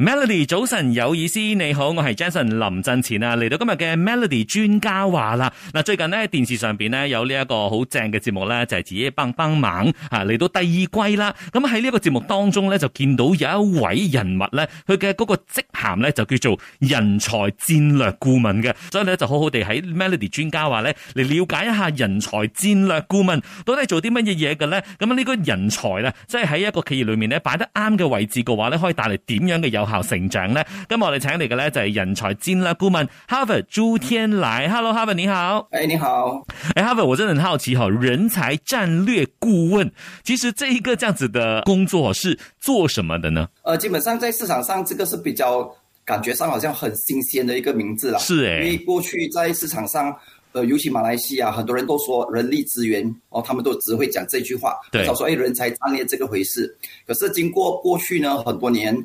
Melody，早晨有意思，你好，我係 Jason 林振前啊，嚟到今日嘅 Melody 專家話啦。嗱，最近咧電視上邊咧有呢一個好正嘅節目咧，就係自己幫幫忙吓嚟到第二季啦。咁喺呢個節目當中咧，就見到有一位人物咧，佢嘅個職銜咧就叫做人才戰略顧問嘅，所以咧就好好哋喺 Melody 專家話咧嚟了解一下人才戰略顧問到底做啲乜嘢嘢嘅咧。咁啊呢個人才呢即係喺一個企業裏面咧擺得啱嘅位置嘅話咧，可以帶嚟點樣嘅有？好，成長呢。今日我哋請嚟嘅咧就係人才戰略顧問 Harvey 朱天來。Hello，Harvey 你好，哎，你好，哎、hey, hey, Harvey，我真的很好奇、哦。人才戰略顧問，其實這一個這樣子的工作是做什麼的呢？呃，基本上在市場上，這個是比較感覺上好像很新鮮的一個名字啦。是、欸，因為過去在市場上，呃尤其馬來西亞，很多人都說人力資源，哦，他們都只會講這句話，對，少說誒、欸、人才戰略這個回事。可是經過過去呢，很多年。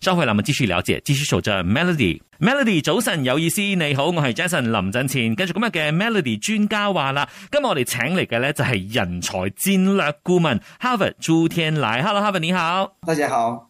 收回我們繼續了解，繼續守著。Melody，Melody，早晨有意思，你好，我係 Jason 林振前。跟住今日嘅 Melody 專家話啦，今日我哋請嚟嘅呢就係人才戰略顧問 Harvard 朱天禮 Hello Harvard 你好，大家好。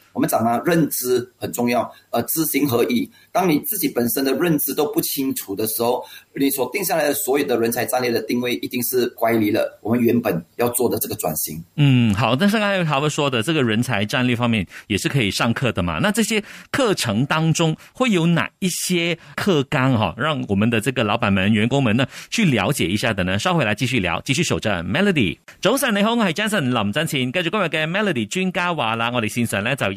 我們講啦、啊，認知很重要，呃，知行合一。當你自己本身的認知都不清楚的時候，你所定下來的所有的人才戰略的定位，一定是乖離了我們原本要做的這個轉型。嗯，好。但是剛才他們說的，這個人才戰略方面也是可以上課的嘛？那這些課程當中會有哪一些課綱哈、哦，讓我們的這個老闆們、員工們呢去了解一下的呢？稍回來繼續聊。繼續守着 Melody，周三你、嗯、好，是這個是哦、我是 Johnson 林振前，繼續今日嘅 Melody 君嘎話、嗯、啦，的這個的一哦、我哋線上咧就。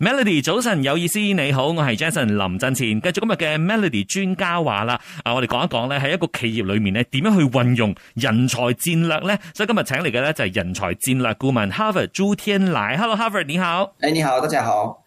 Melody，早晨有意思，你好，我係 Jason 林振前，繼續今日嘅 Melody 專家話啦、啊。我哋講一講呢，喺一個企業裏面呢，點樣去運用人才戰略呢？所以今日請嚟嘅呢，就係、是、人才戰略顧問 Harvard 朱天來。Hello，Harvard 你好。hey，你好，大家好。